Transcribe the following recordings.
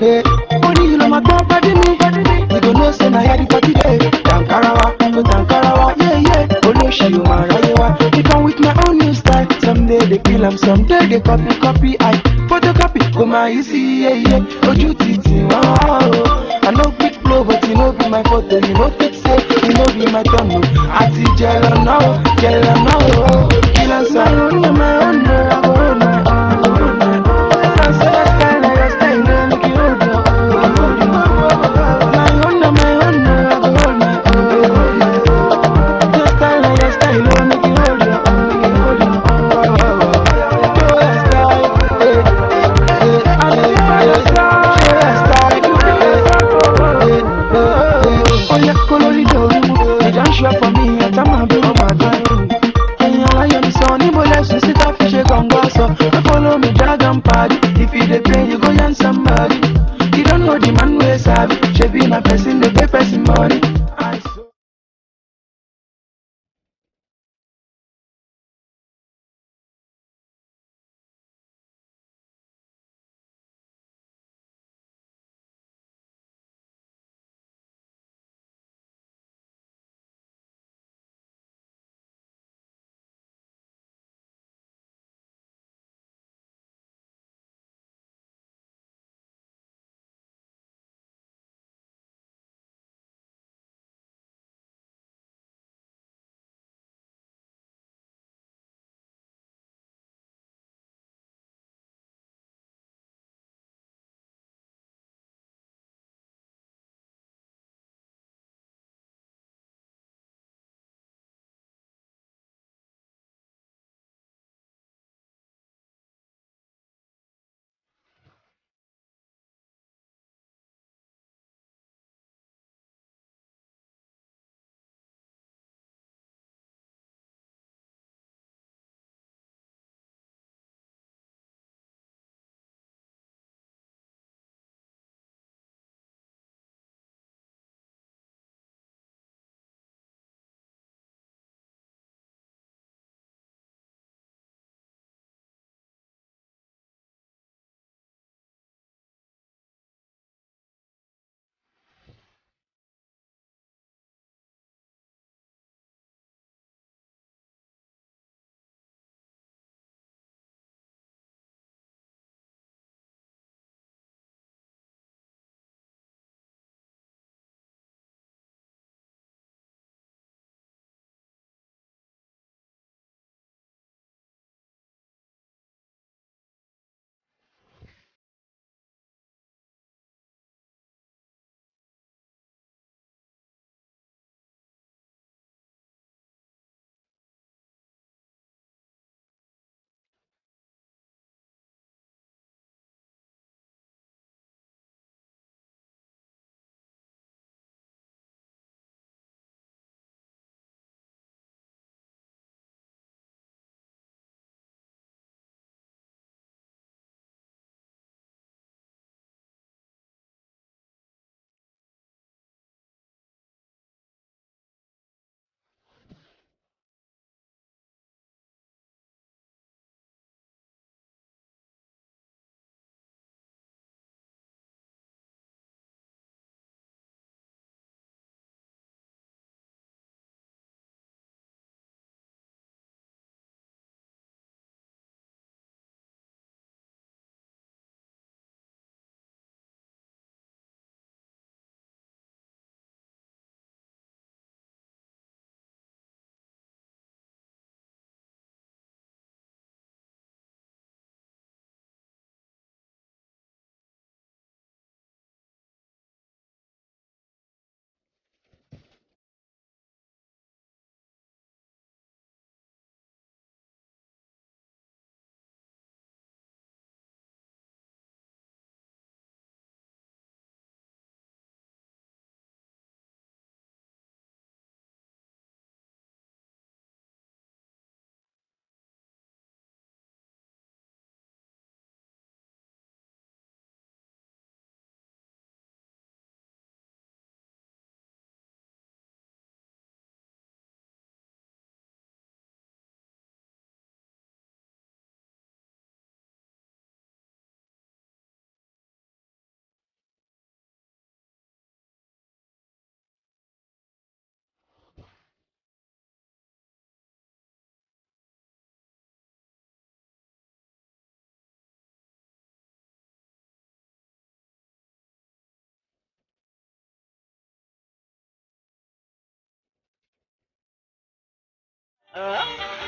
Hey, you know my God, me. You don't know, say my head for today. Tankarawa, oh Tankarawa, yeah, yeah. Only she you my Rayewa. They come with my own style. Someday they kill someday they copy, copy. I photocopy, go my easy, yeah, yeah. Oh, you titi, wow. I know quick blow, but you know, be my photo, you know, pressure from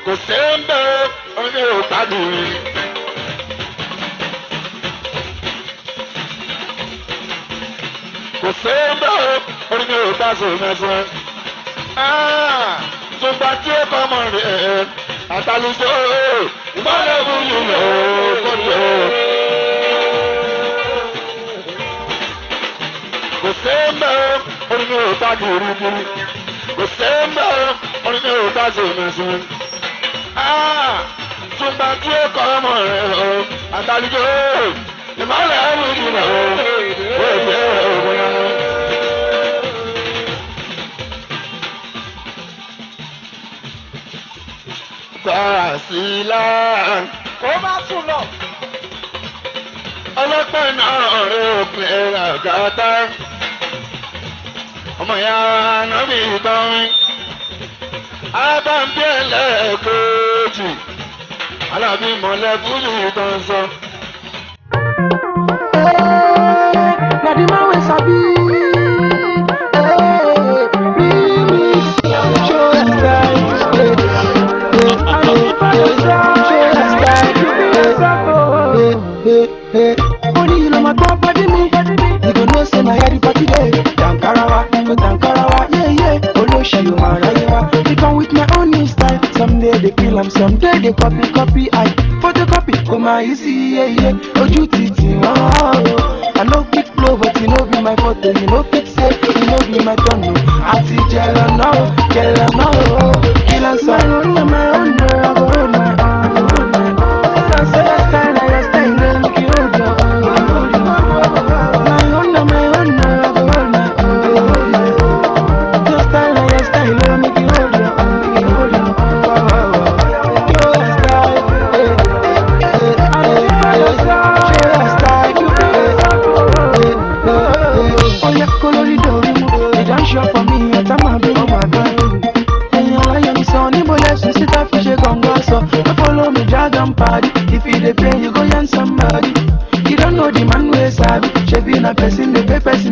kò sẹ́ńbẹ́ ọ̀rẹ́ ò gbádùn mi. kò sẹ́ńbẹ́ ọ̀rẹ́ ò gbádùn mẹ́sàn. Ah, tùgbà tí ó kọ́ mọ̀ rẹ̀ ẹ̀ àtàlùjọ gbọ́dọ̀ fún mi ò kọ́dọ̀. kò sẹ́ńbẹ́ ọ̀rẹ́ ò gbádùn mi. kò sẹ́ńbẹ́ oníṣẹ́ òótá sí ìmọ̀sí. Ah, Túmbà tí ó kọ́ ọmọ rẹ̀ o, àtàlùjọ o, ìmọ̀lẹ̀ ẹ̀rù ìdìbò o, ó ìfẹ́ òògùn náà. Gbàrà sí láà. má sùn lọ. Ọlọ́pàá náà ọ̀rẹ́ òpin ẹ̀rọ àgàtà. Ọmọ ìyá Anábì tán abambiẹlẹ kejì alábìmọlẹ fújì tó ń sọ. dey copy copy and photocopy kò máa yí sí iyeye ojú ti tì o. Oh. I no fit blow but e no be my photo, o, you no fit say e no be my turn o. Oh. Àti jẹ̀lọ̀ náà o, jẹ̀lọ̀ náà o, oh. kí ló ń sọ? Ẹ máa ń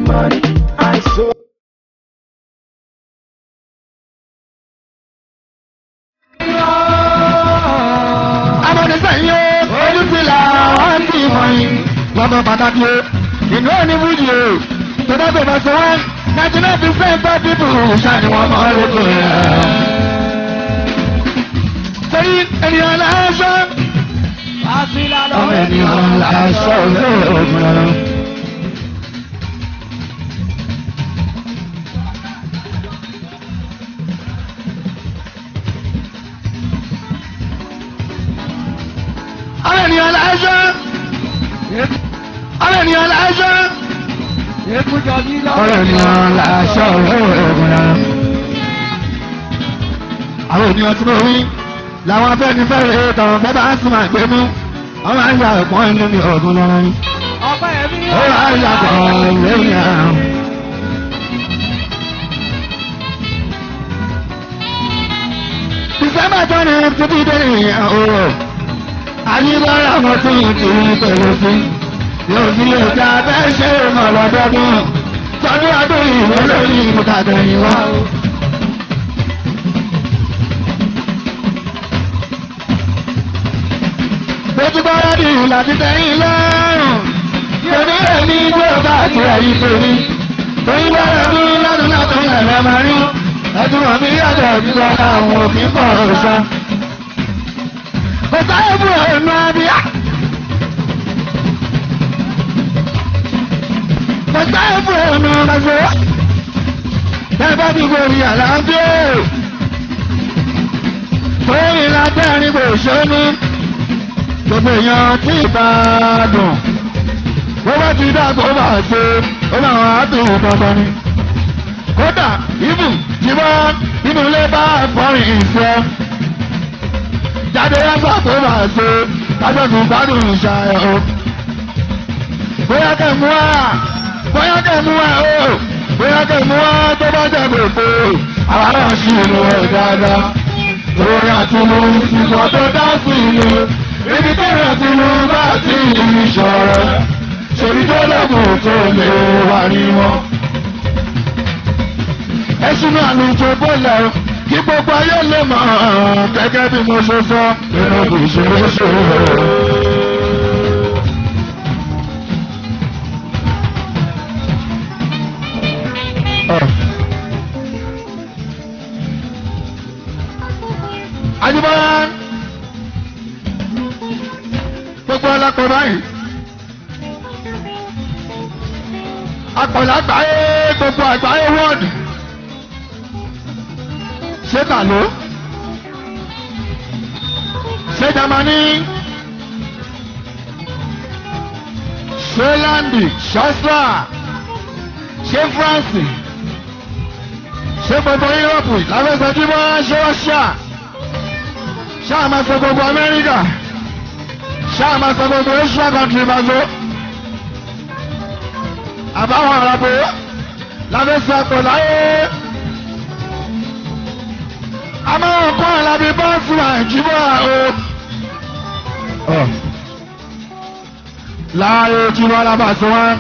money. I so. lọ́dọ̀ pàtàkì o ìlú ẹni wúyì o tọ́lá tó bá sọ wọ́n ninety nine percent bá bíbù ṣáà ni wọ́n máa ń lóko rẹ̀. torí ènìyàn làásọ. wàá sí lálọ́ ènìyàn làásọ lóògùn. ọ̀rọ̀ ènìyàn làṣọ òògùn náà. àwọn ènìyàn tí mo wí làwọn afẹ́nifẹ́re tọ̀rọ̀ bẹ́ẹ̀ bá ń sùn àgbẹ̀ mú wọ́n máa ń ya ọ̀pọ̀ ẹni ní ọ̀gùn lọ́wọ́ ni. ó wà á yà pọ̀ lẹ́yìn àrùn. ìsẹ́mbà tó ní títí dé ìyàwó àyílọ́ra mọ́tò ìtìrí pẹ̀lú sí lórí ìta bẹ́ẹ̀ ṣe mọ̀ lọ́dọ́dún tọdún ọdún ìwé lórí ìbùkátà ìwà. Bẹ́tùbárádì láti tẹ̀yìn lọ́rùn. Tòní èmi tó bá tirẹ̀ yìí tòní. Tòní bára dún lọ́dún látún ẹ̀rẹ́ máa rí. Ẹ̀dùn ọ̀mí yàtọ̀ gbígbọ́ àwọn òfin pọ̀ ọ̀sán. Kò sáyé fún ọ̀nà bíi. wo bẹ́ẹ̀ bá ti gòrí àlàáfíà torí lábẹ́rin kò ṣe ní gbogbo èèyàn tí ìbàdàn bó bá ti dá tó bá ṣe ó láwọn àtòwò dandan ni kódà ibù tí wọ́n nínú ilé bá àfọ̀rìn ìṣe jáde yàtọ̀ tó bá ṣe lájọ́ tó bá dùn ṣàyẹ̀wò bóyá kẹ́ mú wá bóyá tẹ̀ mú wá o bóyá tẹ̀ mú wá tó bá jẹ́ gbèsè àwa náà sì inú ẹ̀ lórí àtinú ìgbà tó dá sí inú ibi tẹ̀rẹ̀ àtinú bá ti ìṣọ̀rẹ́ ṣèlú tó lẹ́bùn tó lè wà ní wọn. ẹ sínú àlùjọ bọ́ọ̀lù ẹ̀rọ kí gbogbo ayé lè mọ̀ gẹ́gẹ́ bí mo ṣe sọ nínú ìṣòro ṣòro. pọ̀ báyìí. Akọ̀lá àgbáyé gbogbo àgbáyé wọ́ọ̀dù. Ṣé tà ló? Ṣé Jamani? Ṣé Láńdì? Ṣọ́sà? Ṣé Fúránsì? Ṣé gbogbo Yúròpù? Láfẹ̀sẹ̀ tí wọ́n ṣe Rọ́ṣíà? Ṣé àmọ́ gbogbo Amẹ́ríkà? ṣáà máa sọ gbogbo extra country máa lọ àbáwọn àràbò lábẹ́sàpọ̀ láyé amáwọn kọ́ àlàbí bọ́ọ̀sì àìjíbọ̀ o. láàyè tí wọ́n lábà sí wọn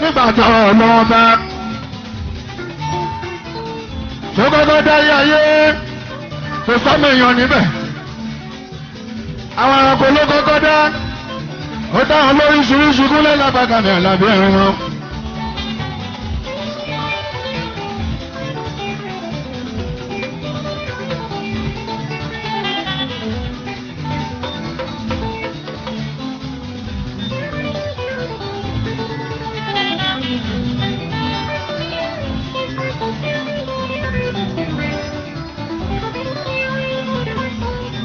nígbà tí ọ̀rọ̀ lọ́wọ́ bá ṣókòtò dá yé ayé tó sọ́mọ èèyàn níbẹ̀ àwọn ẹranko ló kọ́kọ́ dá ó dá lórí ṣuríṣu gúnlẹ̀ lápákanì àlàbí ẹ̀rín wọn.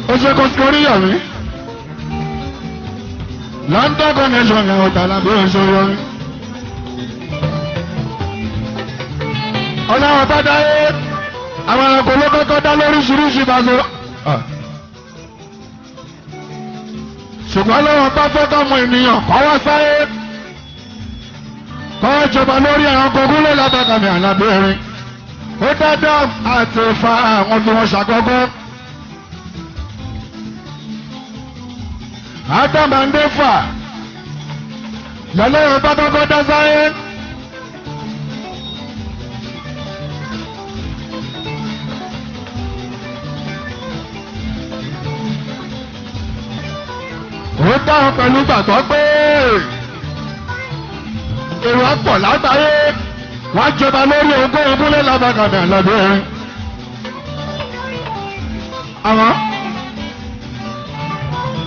ó ṣe kó London connection yẹn ọ̀tàlá bí o ṣe yọrí. ọlọ́wọ́ tó dáyé àwọn ẹranko ló kọ́kọ́ dá lóríṣiríṣi bàtò. ṣùgbọ́n lọ́wọ́ bá fẹ́ kọ́mọ ènìyàn kọ́wọ́ sáyé kọ́wọ́ jọba lórí ẹranko gúnlẹ̀ lábàkàmì àlábẹ́rin ó dáadáa àti fa àwọn tí wọ́n ṣàkọ́kọ́. àtàmàndéfà lọ́lọ́run bá kọ́kọ́ dá sáyé. ó dáhùn pẹ̀lú gbàgbọ́ pé èrò ọ̀pọ̀ lágbàáyé wọ́n jọba lórí ogún ogún lé lábàkàdà lọ́dún ẹ̀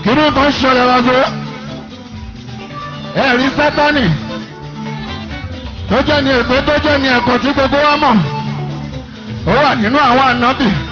kìnnì kan ṣọlẹ̀ lọ́dọ̀ ẹ̀rí sátánì tó jẹ́ ní èpè tó jẹ́ ni ẹ̀kọ́ tí gbogbo wa mọ̀ ó wà nínú àwọn ànábì.